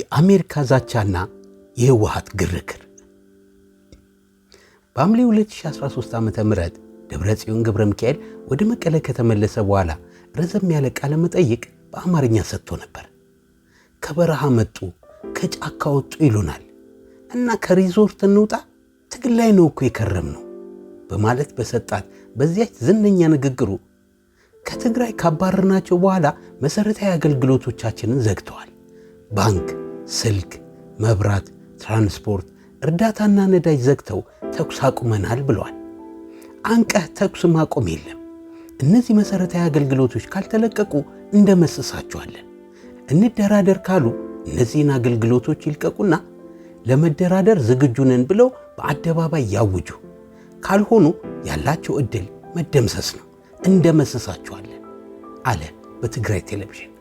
የአሜሪካ ዛቻና የህወሀት ግርግር በሐምሌ 2013 ዓ ም ደብረ ጽዮን ገብረ ሚካኤል ወደ መቀለ ከተመለሰ በኋላ ረዘም ያለ ቃለ መጠይቅ በአማርኛ ሰጥቶ ነበር። ከበረሃ መጡ፣ ከጫካ ወጡ ይሉናል እና ከሪዞርት እንውጣ፣ ትግል ላይ ነው እኮ የከረም ነው በማለት በሰጣት በዚያች ዝነኛ ንግግሩ ከትግራይ ካባረርናቸው በኋላ መሠረታዊ አገልግሎቶቻችንን ዘግተዋል። ባንክ ስልክ፣ መብራት፣ ትራንስፖርት፣ እርዳታና ነዳጅ ዘግተው ተኩስ አቁመናል ብለዋል። አንቀህ ተኩስ ማቆም የለም። እነዚህ መሠረታዊ አገልግሎቶች ካልተለቀቁ እንደመስሳቸዋለን። እንደራደር ካሉ እነዚህን አገልግሎቶች ይልቀቁና ለመደራደር ዝግጁ ነን ብለው በአደባባይ ያውጁ። ካልሆኑ ያላቸው ዕድል መደምሰስ ነው፣ እንደመስሳቸዋለን አለ በትግራይ ቴሌቪዥን።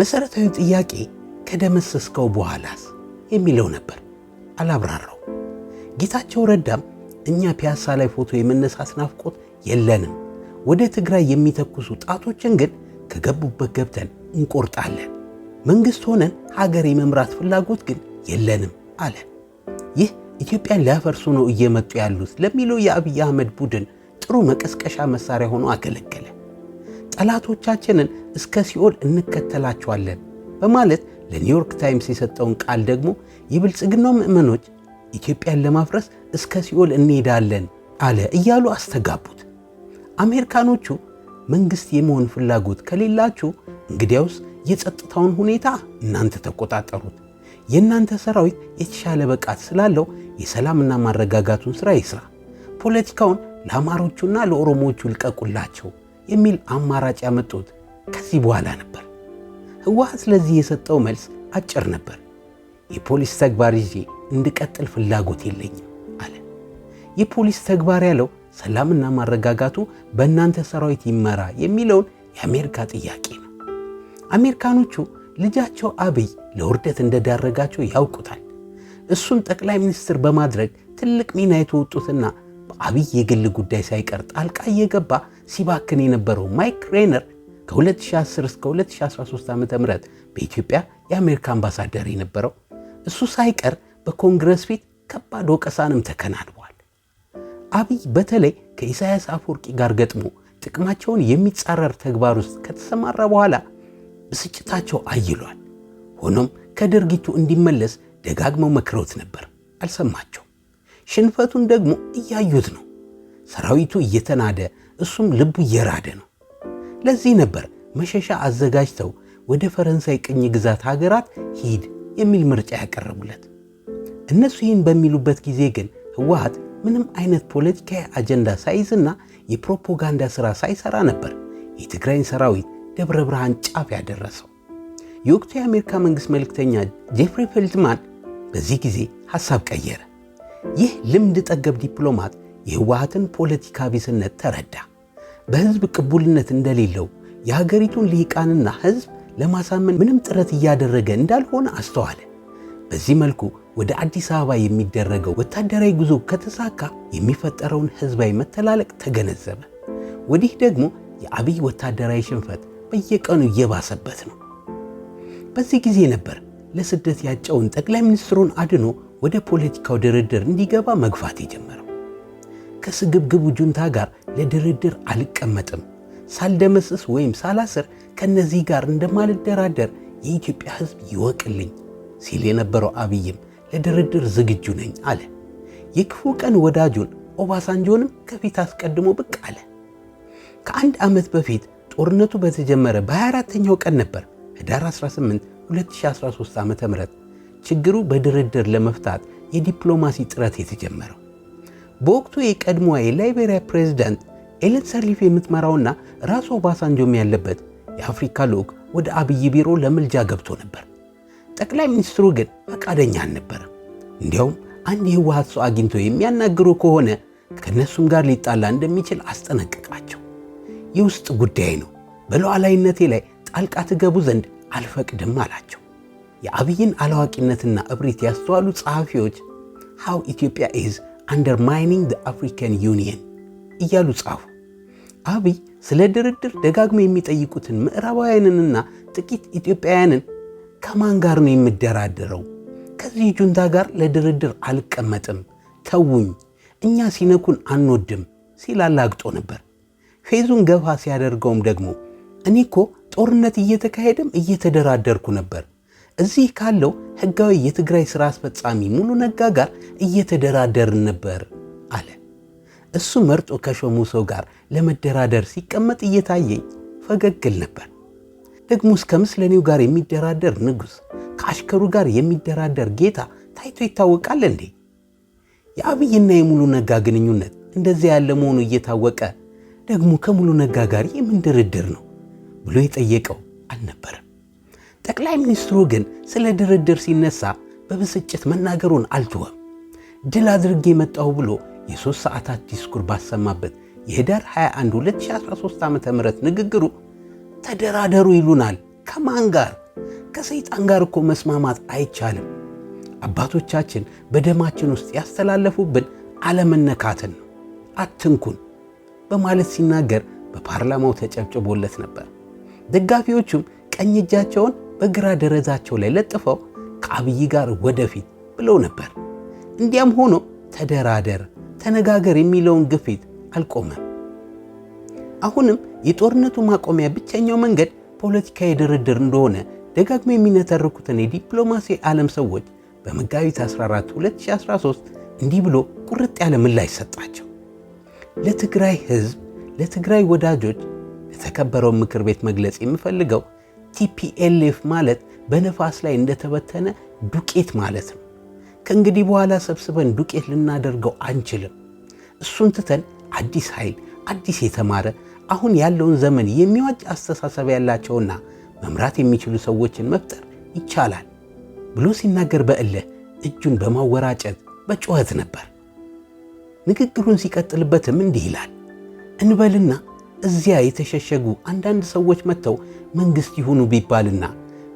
መሠረታዊ ጥያቄ ከደመሰስከው በኋላስ የሚለው ነበር። አላብራራው። ጌታቸው ረዳም እኛ ፒያሳ ላይ ፎቶ የመነሳት ናፍቆት የለንም፣ ወደ ትግራይ የሚተኩሱ ጣቶችን ግን ከገቡበት ገብተን እንቆርጣለን፣ መንግሥት ሆነን ሀገር የመምራት ፍላጎት ግን የለንም አለ። ይህ ኢትዮጵያን ሊያፈርሱ ነው እየመጡ ያሉት ለሚለው የአብይ አህመድ ቡድን ጥሩ መቀስቀሻ መሳሪያ ሆኖ አገለገለ። ጠላቶቻችንን እስከ ሲኦል እንከተላቸዋለን በማለት ለኒውዮርክ ታይምስ የሰጠውን ቃል ደግሞ የብልጽግናው ምዕመኖች ኢትዮጵያን ለማፍረስ እስከ ሲኦል እንሄዳለን አለ እያሉ አስተጋቡት። አሜሪካኖቹ መንግሥት የመሆን ፍላጎት ከሌላችሁ እንግዲያውስ የጸጥታውን ሁኔታ እናንተ ተቆጣጠሩት፣ የእናንተ ሰራዊት የተሻለ ብቃት ስላለው የሰላምና ማረጋጋቱን ሥራ ይስራ፣ ፖለቲካውን ለአማሮቹና ለኦሮሞዎቹ ልቀቁላቸው የሚል አማራጭ ያመጡት ከዚህ በኋላ ነበር። ህወሓት ስለዚህ የሰጠው መልስ አጭር ነበር። የፖሊስ ተግባር ይዤ እንድቀጥል ፍላጎት የለኝም አለ። የፖሊስ ተግባር ያለው ሰላምና ማረጋጋቱ በእናንተ ሰራዊት ይመራ የሚለውን የአሜሪካ ጥያቄ ነው። አሜሪካኖቹ ልጃቸው አብይ ለውርደት እንደዳረጋቸው ያውቁታል። እሱን ጠቅላይ ሚኒስትር በማድረግ ትልቅ ሚና የተወጡትና በአብይ የግል ጉዳይ ሳይቀር ጣልቃ እየገባ ሲባክን የነበረው ማይክ ሬነር ከ2010 እስከ 2013 ዓ ም በኢትዮጵያ የአሜሪካ አምባሳደር የነበረው እሱ ሳይቀር በኮንግረስ ፊት ከባድ ወቀሳንም ተከናንቧል። አብይ በተለይ ከኢሳያስ አፈወርቂ ጋር ገጥሞ ጥቅማቸውን የሚጻረር ተግባር ውስጥ ከተሰማራ በኋላ ብስጭታቸው አይሏል። ሆኖም ከድርጊቱ እንዲመለስ ደጋግመው መክረውት ነበር፣ አልሰማቸው። ሽንፈቱን ደግሞ እያዩት ነው። ሰራዊቱ እየተናደ እሱም ልቡ እየራደ ነው። ለዚህ ነበር መሸሻ አዘጋጅተው ወደ ፈረንሳይ ቅኝ ግዛት ሀገራት ሂድ የሚል ምርጫ ያቀረቡለት። እነሱ ይህን በሚሉበት ጊዜ ግን ህወሀት ምንም አይነት ፖለቲካዊ አጀንዳ ሳይዝና የፕሮፓጋንዳ ሥራ ሳይሰራ ነበር የትግራይን ሰራዊት ደብረ ብርሃን ጫፍ ያደረሰው። የወቅቱ የአሜሪካ መንግሥት መልእክተኛ ጄፍሪ ፌልድማን በዚህ ጊዜ ሐሳብ ቀየረ። ይህ ልምድ ጠገብ ዲፕሎማት የህወሀትን ፖለቲካ ቢስነት ተረዳ። በህዝብ ቅቡልነት እንደሌለው የሀገሪቱን ሊቃንና ህዝብ ለማሳመን ምንም ጥረት እያደረገ እንዳልሆነ አስተዋለ። በዚህ መልኩ ወደ አዲስ አበባ የሚደረገው ወታደራዊ ጉዞ ከተሳካ የሚፈጠረውን ህዝባዊ መተላለቅ ተገነዘበ። ወዲህ ደግሞ የአብይ ወታደራዊ ሽንፈት በየቀኑ እየባሰበት ነው። በዚህ ጊዜ ነበር ለስደት ያጨውን ጠቅላይ ሚኒስትሩን አድኖ ወደ ፖለቲካው ድርድር እንዲገባ መግፋት የጀመረው። ከስግብግቡ ጁንታ ጋር ለድርድር አልቀመጥም። ሳልደመስስ ወይም ሳላስር ከእነዚህ ጋር እንደማልደራደር የኢትዮጵያ ሕዝብ ይወቅልኝ ሲል የነበረው አብይም ለድርድር ዝግጁ ነኝ አለ። የክፉ ቀን ወዳጁን ኦባሳንጆንም ከፊት አስቀድሞ ብቅ አለ። ከአንድ ዓመት በፊት ጦርነቱ በተጀመረ በ24ተኛው ቀን ነበር ህዳር 18 2013 ዓ ም ችግሩ በድርድር ለመፍታት የዲፕሎማሲ ጥረት የተጀመረው። በወቅቱ የቀድሞዋ የላይቤሪያ ፕሬዝዳንት ኤለን ሰርሊፍ የምትመራውና ራሱ ኦባሳንጆም ያለበት የአፍሪካ ልዑክ ወደ አብይ ቢሮ ለምልጃ ገብቶ ነበር። ጠቅላይ ሚኒስትሩ ግን ፈቃደኛ አልነበረም። እንዲያውም አንድ የህወሀት ሰው አግኝቶ የሚያናግሩ ከሆነ ከእነሱም ጋር ሊጣላ እንደሚችል አስጠነቀቃቸው። የውስጥ ጉዳይ ነው፣ በሉዓላዊነቴ ላይ ጣልቃ ትገቡ ዘንድ አልፈቅድም አላቸው። የአብይን አላዋቂነትና እብሪት ያስተዋሉ ጸሐፊዎች ሃው ኢትዮጵያ ኢዝ አንደርማይኒንግ ዘ አፍሪካን ዩኒየን እያሉ ጻፉ። አብይ ስለ ድርድር ደጋግመው የሚጠይቁትን ምዕራባውያንንና ጥቂት ኢትዮጵያውያንን ከማን ጋር ነው የምደራደረው? ከዚህ ጁንታ ጋር ለድርድር አልቀመጥም፣ ተውኝ፣ እኛ ሲነኩን አንወድም ሲል አላግጦ ነበር። ፌዙን ገፋ ሲያደርገውም ደግሞ እኔ እኮ ጦርነት እየተካሄደም እየተደራደርኩ ነበር እዚህ ካለው ህጋዊ የትግራይ ሥራ አስፈጻሚ ሙሉ ነጋ ጋር እየተደራደርን ነበር አለ። እሱ መርጦ ከሾሙ ሰው ጋር ለመደራደር ሲቀመጥ እየታየኝ ፈገግል ነበር። እስከ ምስለኔው ጋር የሚደራደር ንጉሥ፣ ከአሽከሩ ጋር የሚደራደር ጌታ ታይቶ ይታወቃል እንዴ? የአብይና የሙሉ ነጋ ግንኙነት እንደዚያ ያለ መሆኑ እየታወቀ ደግሞ ከሙሉ ነጋ ጋር የምን ድርድር ነው ብሎ የጠየቀው አልነበረም። ጠቅላይ ሚኒስትሩ ግን ስለ ድርድር ሲነሳ በብስጭት መናገሩን አልተወም። ድል አድርጌ መጣሁ ብሎ የሦስት ሰዓታት ዲስኩር ባሰማበት የህዳር 21 2013 ዓ ም ንግግሩ ተደራደሩ ይሉናል። ከማን ጋር? ከሰይጣን ጋር እኮ መስማማት አይቻልም። አባቶቻችን በደማችን ውስጥ ያስተላለፉብን አለመነካትን ነው፣ አትንኩን በማለት ሲናገር በፓርላማው ተጨብጭቦለት ነበር። ደጋፊዎቹም ቀኝ እጃቸውን በግራ ደረዛቸው ላይ ለጥፈው ከአብይ ጋር ወደፊት ብለው ነበር። እንዲያም ሆኖ ተደራደር፣ ተነጋገር የሚለውን ግፊት አልቆመም። አሁንም የጦርነቱ ማቆሚያ ብቸኛው መንገድ ፖለቲካዊ ድርድር እንደሆነ ደጋግሞ የሚነተርኩትን የዲፕሎማሲ ዓለም ሰዎች በመጋቢት 14 2013 እንዲህ ብሎ ቁርጥ ያለ ምላሽ ሰጣቸው። ለትግራይ ህዝብ ለትግራይ ወዳጆች፣ ለተከበረው ምክር ቤት መግለጽ የምፈልገው ቲፒኤልኤፍ ማለት በነፋስ ላይ እንደተበተነ ዱቄት ማለት ነው። ከእንግዲህ በኋላ ሰብስበን ዱቄት ልናደርገው አንችልም። እሱን ትተን አዲስ ኃይል፣ አዲስ የተማረ አሁን ያለውን ዘመን የሚዋጭ አስተሳሰብ ያላቸውና መምራት የሚችሉ ሰዎችን መፍጠር ይቻላል ብሎ ሲናገር በእልህ እጁን በማወራጨት በጩኸት ነበር። ንግግሩን ሲቀጥልበትም እንዲህ ይላል እንበልና እዚያ የተሸሸጉ አንዳንድ ሰዎች መጥተው መንግሥት ይሁኑ ቢባልና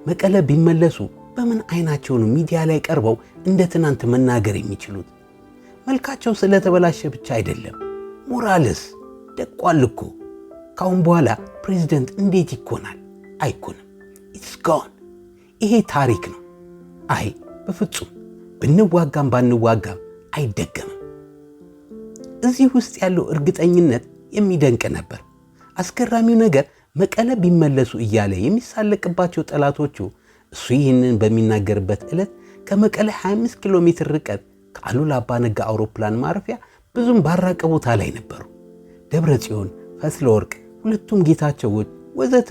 መቀለ ቢመለሱ በምን አይናቸው ነው ሚዲያ ላይ ቀርበው እንደ ትናንት መናገር የሚችሉት? መልካቸው ስለተበላሸ ብቻ አይደለም። ሞራልስ ደቋል እኮ። ካሁን በኋላ ፕሬዚደንት እንዴት ይኮናል? አይኮንም። ኢትስ ጋን። ይሄ ታሪክ ነው። አይ በፍጹም ብንዋጋም ባንዋጋም አይደገምም። እዚህ ውስጥ ያለው እርግጠኝነት የሚደንቅ ነበር። አስገራሚው ነገር መቀለ ቢመለሱ እያለ የሚሳለቅባቸው ጠላቶቹ እሱ ይህንን በሚናገርበት ዕለት ከመቀለ 25 ኪሎ ሜትር ርቀት ከአሉላ አባነጋ አውሮፕላን ማረፊያ ብዙም ባራቀ ቦታ ላይ ነበሩ። ደብረ ጽዮን፣ ፈትለ ወርቅ፣ ሁለቱም ጌታቸው ወዘተ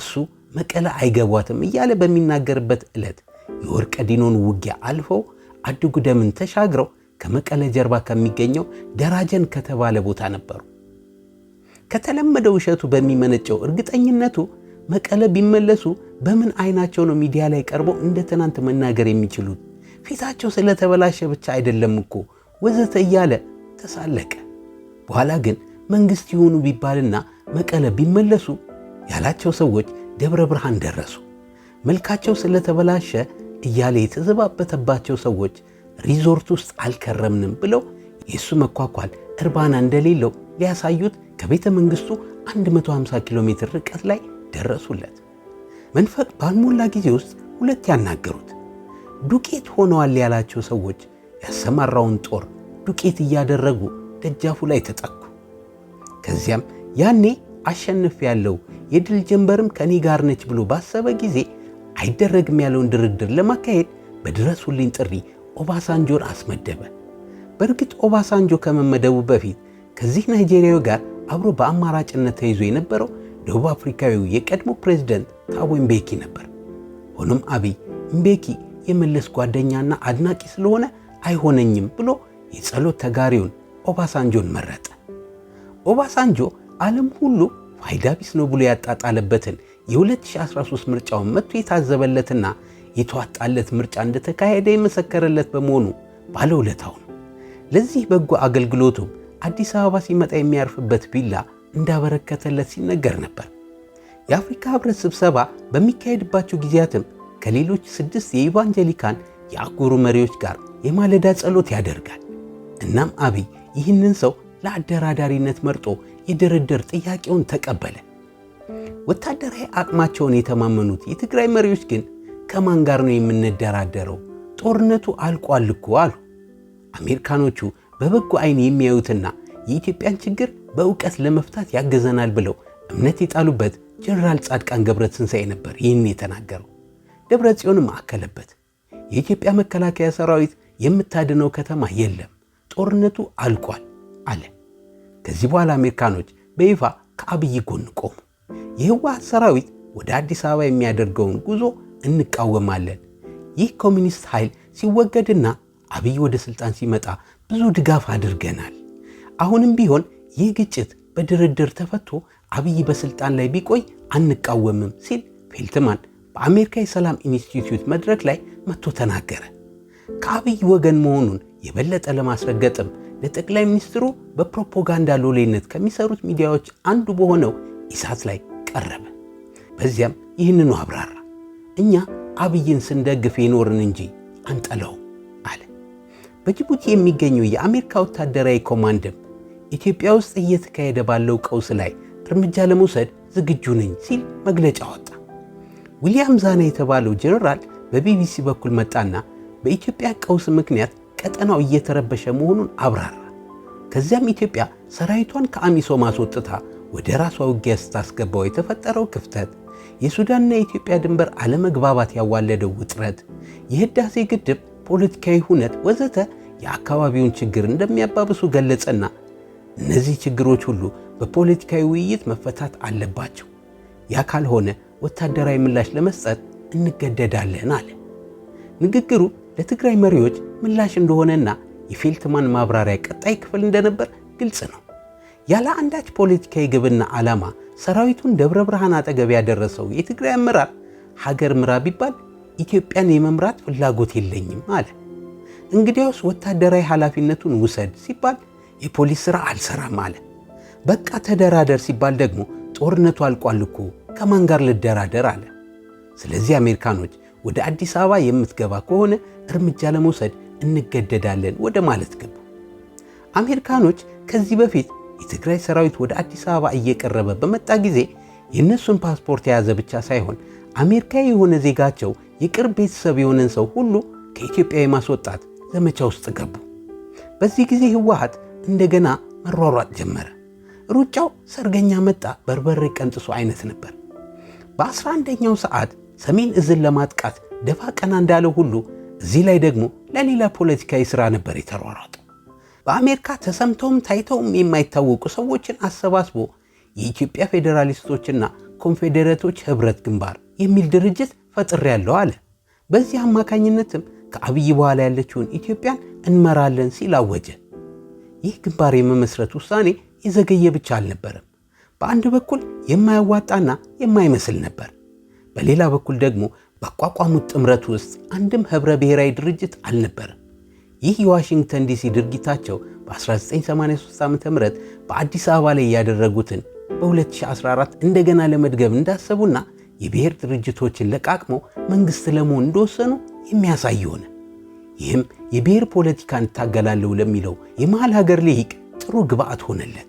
እሱ መቀለ አይገቧትም እያለ በሚናገርበት ዕለት የወርቀ ዲኖን ውጊያ አልፈው አድጉደምን ተሻግረው ከመቀለ ጀርባ ከሚገኘው ደራጀን ከተባለ ቦታ ነበሩ። ከተለመደው ውሸቱ በሚመነጨው እርግጠኝነቱ መቀለ ቢመለሱ በምን አይናቸው ነው ሚዲያ ላይ ቀርበው እንደ ትናንት መናገር የሚችሉት? ፊታቸው ስለተበላሸ ብቻ አይደለም እኮ ወዘተ እያለ ተሳለቀ። በኋላ ግን መንግሥት ይሆኑ ቢባልና መቀለ ቢመለሱ ያላቸው ሰዎች ደብረ ብርሃን ደረሱ። መልካቸው ስለተበላሸ እያለ የተዘባበተባቸው ሰዎች ሪዞርት ውስጥ አልከረምንም ብለው የእሱ መኳኳል እርባና እንደሌለው ሊያሳዩት ከቤተ መንግሥቱ 150 ኪሎ ሜትር ርቀት ላይ ደረሱለት። መንፈቅ ባልሞላ ጊዜ ውስጥ ሁለት ያናገሩት ዱቄት ሆነዋል ያላቸው ሰዎች ያሰማራውን ጦር ዱቄት እያደረጉ ደጃፉ ላይ ተጠኩ። ከዚያም ያኔ አሸንፍ ያለው የድል ጀንበርም ከኔ ጋር ነች ብሎ ባሰበ ጊዜ አይደረግም ያለውን ድርድር ለማካሄድ በድረሱልኝ ጥሪ ኦባሳንጆን አስመደበ። በእርግጥ ኦባሳንጆ ከመመደቡ በፊት ከዚህ ናይጄሪያዊ ጋር አብሮ በአማራጭነት ተይዞ የነበረው ደቡብ አፍሪካዊው የቀድሞ ፕሬዝደንት ታቦ ምቤኪ ነበር። ሆኖም አብይ ምቤኪ የመለስ ጓደኛና አድናቂ ስለሆነ አይሆነኝም ብሎ የጸሎት ተጋሪውን ኦባሳንጆን መረጠ። ኦባሳንጆ ዓለም ሁሉ ፋይዳ ቢስ ነው ብሎ ያጣጣለበትን የ2013 ምርጫውን መጥቶ የታዘበለትና የተዋጣለት ምርጫ እንደተካሄደ የመሰከረለት በመሆኑ ባለውለታው ነው። ለዚህ በጎ አገልግሎቱም አዲስ አበባ ሲመጣ የሚያርፍበት ቪላ እንዳበረከተለት ሲነገር ነበር። የአፍሪካ ህብረት ስብሰባ በሚካሄድባቸው ጊዜያትም ከሌሎች ስድስት የኢቫንጀሊካን የአህጉሩ መሪዎች ጋር የማለዳ ጸሎት ያደርጋል። እናም አብይ ይህንን ሰው ለአደራዳሪነት መርጦ የድርድር ጥያቄውን ተቀበለ። ወታደራዊ አቅማቸውን የተማመኑት የትግራይ መሪዎች ግን ከማን ጋር ነው የምንደራደረው? ጦርነቱ አልቋል እኮ አሉ። አሜሪካኖቹ በበጎ አይን የሚያዩትና የኢትዮጵያን ችግር በእውቀት ለመፍታት ያገዘናል ብለው እምነት የጣሉበት ጀነራል ጻድቃን ገብረትንሳኤ ነበር ይህን የተናገረው። ደብረ ጽዮንም አከለበት። የኢትዮጵያ መከላከያ ሰራዊት የምታድነው ከተማ የለም፣ ጦርነቱ አልቋል አለ። ከዚህ በኋላ አሜሪካኖች በይፋ ከአብይ ጎን ቆሙ። የህወሓት ሰራዊት ወደ አዲስ አበባ የሚያደርገውን ጉዞ እንቃወማለን፣ ይህ ኮሚኒስት ኃይል ሲወገድና አብይ ወደ ስልጣን ሲመጣ ብዙ ድጋፍ አድርገናል። አሁንም ቢሆን ይህ ግጭት በድርድር ተፈቶ አብይ በስልጣን ላይ ቢቆይ አንቃወምም ሲል ፌልትማን በአሜሪካ የሰላም ኢንስቲትዩት መድረክ ላይ መጥቶ ተናገረ። ከአብይ ወገን መሆኑን የበለጠ ለማስረገጥም ለጠቅላይ ሚኒስትሩ በፕሮፓጋንዳ ሎሌነት ከሚሰሩት ሚዲያዎች አንዱ በሆነው ኢሳት ላይ ቀረበ። በዚያም ይህንኑ አብራራ። እኛ አብይን ስንደግፍ የኖርን እንጂ አንጠላውም። በጅቡቲ የሚገኘው የአሜሪካ ወታደራዊ ኮማንድም ኢትዮጵያ ውስጥ እየተካሄደ ባለው ቀውስ ላይ እርምጃ ለመውሰድ ዝግጁ ነኝ ሲል መግለጫ ወጣ። ዊሊያም ዛና የተባለው ጀነራል በቢቢሲ በኩል መጣና በኢትዮጵያ ቀውስ ምክንያት ቀጠናው እየተረበሸ መሆኑን አብራራ። ከዚያም ኢትዮጵያ ሰራዊቷን ከአሚሶ ማስወጥታ ወደ ራሷ ውጊያ ስታስገባው የተፈጠረው ክፍተት፣ የሱዳንና የኢትዮጵያ ድንበር አለመግባባት ያዋለደው ውጥረት፣ የህዳሴ ግድብ ፖለቲካዊ ሁነት ወዘተ የአካባቢውን ችግር እንደሚያባብሱ ገለጸና እነዚህ ችግሮች ሁሉ በፖለቲካዊ ውይይት መፈታት አለባቸው፣ ያ ካልሆነ ወታደራዊ ምላሽ ለመስጠት እንገደዳለን አለ። ንግግሩ ለትግራይ መሪዎች ምላሽ እንደሆነና የፌልትማን ማብራሪያ ቀጣይ ክፍል እንደነበር ግልጽ ነው። ያለ አንዳች ፖለቲካዊ ግብና ዓላማ ሰራዊቱን ደብረ ብርሃን አጠገብ ያደረሰው የትግራይ አመራር ሀገር ምራ ቢባል ኢትዮጵያን የመምራት ፍላጎት የለኝም አለ። እንግዲያውስ ወታደራዊ ኃላፊነቱን ውሰድ ሲባል የፖሊስ ሥራ አልሰራም አለ። በቃ ተደራደር ሲባል ደግሞ ጦርነቱ አልቋል እኮ ከማን ጋር ልደራደር አለ። ስለዚህ አሜሪካኖች ወደ አዲስ አበባ የምትገባ ከሆነ እርምጃ ለመውሰድ እንገደዳለን ወደ ማለት ገቡ። አሜሪካኖች ከዚህ በፊት የትግራይ ሰራዊት ወደ አዲስ አበባ እየቀረበ በመጣ ጊዜ የእነሱን ፓስፖርት የያዘ ብቻ ሳይሆን አሜሪካዊ የሆነ ዜጋቸው የቅርብ ቤተሰብ የሆነን ሰው ሁሉ ከኢትዮጵያ የማስወጣት ዘመቻ ውስጥ ገቡ። በዚህ ጊዜ ህወሀት እንደገና መሯሯጥ ጀመረ። ሩጫው ሰርገኛ መጣ በርበሬ ቀንጥሶ አይነት ነበር። በ11ኛው ሰዓት ሰሜን እዝን ለማጥቃት ደፋ ቀና እንዳለው ሁሉ እዚህ ላይ ደግሞ ለሌላ ፖለቲካዊ ሥራ ነበር የተሯሯጡ። በአሜሪካ ተሰምተውም ታይተውም የማይታወቁ ሰዎችን አሰባስቦ የኢትዮጵያ ፌዴራሊስቶችና ኮንፌዴሬቶች ኅብረት ግንባር የሚል ድርጅት ፈጥሬያለሁ አለ። በዚህ አማካኝነትም ከአብይ በኋላ ያለችውን ኢትዮጵያን እንመራለን ሲል አወጀ። ይህ ግንባር የመመስረት ውሳኔ የዘገየ ብቻ አልነበረም። በአንድ በኩል የማያዋጣና የማይመስል ነበር። በሌላ በኩል ደግሞ ባቋቋሙት ጥምረት ውስጥ አንድም ኅብረ ብሔራዊ ድርጅት አልነበረም። ይህ የዋሽንግተን ዲሲ ድርጊታቸው በ1983 ዓ ም በአዲስ አበባ ላይ ያደረጉትን በ2014 እንደገና ለመድገም እንዳሰቡና የብሔር ድርጅቶችን ለቃቅመው መንግሥት ለመሆን እንደወሰኑ የሚያሳይ ሆነ። ይህም የብሔር ፖለቲካን እታገላለሁ ለሚለው የመሃል ሀገር ልሂቅ ጥሩ ግብአት ሆነለት።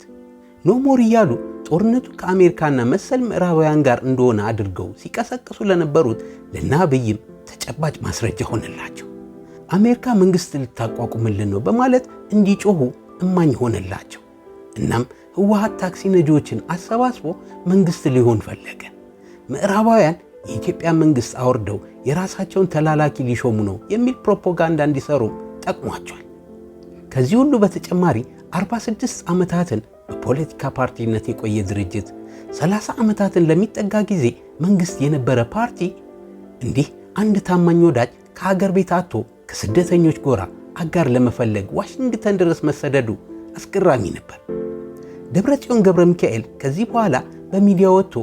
ኖሞር እያሉ ጦርነቱ ከአሜሪካና መሰል ምዕራባውያን ጋር እንደሆነ አድርገው ሲቀሰቅሱ ለነበሩት ለእነ አብይም ተጨባጭ ማስረጃ ሆነላቸው። አሜሪካ መንግሥት ልታቋቁምልን ነው በማለት እንዲጮሁ እማኝ ሆነላቸው። እናም ህወሓት ታክሲ ነጂዎችን አሰባስቦ መንግሥት ሊሆን ፈለገ። ምዕራባውያን የኢትዮጵያ መንግሥት አወርደው የራሳቸውን ተላላኪ ሊሾሙ ነው የሚል ፕሮፓጋንዳ እንዲሰሩ ጠቅሟቸዋል። ከዚህ ሁሉ በተጨማሪ 46 ዓመታትን በፖለቲካ ፓርቲነት የቆየ ድርጅት 30 ዓመታትን ለሚጠጋ ጊዜ መንግሥት የነበረ ፓርቲ እንዲህ አንድ ታማኝ ወዳጅ ከሀገር ቤት አቶ ከስደተኞች ጎራ አጋር ለመፈለግ ዋሽንግተን ድረስ መሰደዱ አስገራሚ ነበር። ደብረ ጽዮን ገብረ ሚካኤል ከዚህ በኋላ በሚዲያ ወጥቶ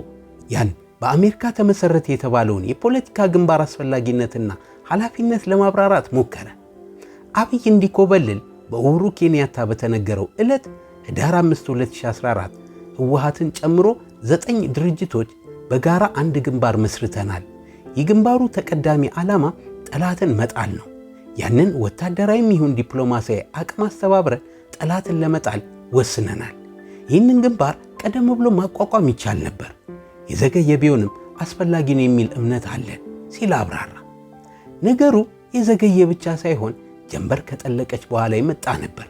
ያን በአሜሪካ ተመሰረተ የተባለውን የፖለቲካ ግንባር አስፈላጊነትና ኃላፊነት ለማብራራት ሞከረ። አብይ እንዲኮበልል በኡሁሩ ኬንያታ በተነገረው ዕለት ህዳር 5 2014 ህወሓትን ጨምሮ ዘጠኝ ድርጅቶች በጋራ አንድ ግንባር መስርተናል። የግንባሩ ተቀዳሚ ዓላማ ጠላትን መጣል ነው። ያንን ወታደራዊም ይሁን ዲፕሎማሲያዊ አቅም አስተባብረ ጠላትን ለመጣል ወስነናል። ይህንን ግንባር ቀደም ብሎ ማቋቋም ይቻል ነበር። የዘገየ ቢሆንም አስፈላጊ ነው የሚል እምነት አለን ሲል አብራራ። ነገሩ የዘገየ ብቻ ሳይሆን ጀንበር ከጠለቀች በኋላ የመጣ ነበር።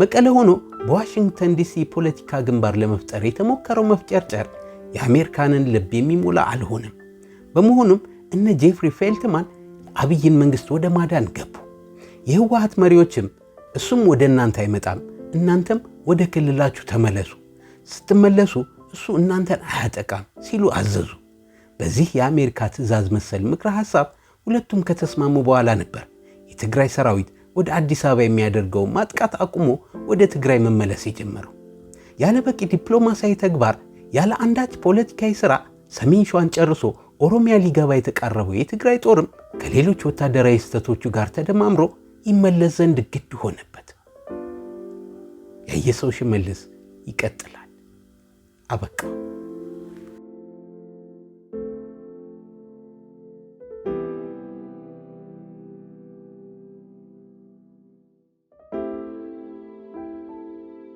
መቀለ ሆኖ በዋሽንግተን ዲሲ ፖለቲካ ግንባር ለመፍጠር የተሞከረው መፍጨርጨር የአሜሪካንን ልብ የሚሞላ አልሆነም። በመሆኑም እነ ጄፍሪ ፌልትማን አብይን መንግሥት ወደ ማዳን ገቡ። የህወሀት መሪዎችም እሱም ወደ እናንተ አይመጣም፣ እናንተም ወደ ክልላችሁ ተመለሱ፣ ስትመለሱ እሱ እናንተን አያጠቃም ሲሉ አዘዙ። በዚህ የአሜሪካ ትዕዛዝ መሰል ምክረ ሐሳብ ሁለቱም ከተስማሙ በኋላ ነበር የትግራይ ሰራዊት ወደ አዲስ አበባ የሚያደርገው ማጥቃት አቁሞ ወደ ትግራይ መመለስ የጀመረው። ያለ በቂ ዲፕሎማሲያዊ ተግባር፣ ያለ አንዳች ፖለቲካዊ ሥራ ሰሜን ሸዋን ጨርሶ ኦሮሚያ ሊገባ የተቃረበው የትግራይ ጦርም ከሌሎች ወታደራዊ ስህተቶቹ ጋር ተደማምሮ ይመለስ ዘንድ ግድ ሆነበት። ያየሰው ሽመልስ ይቀጥላል። አበቃ።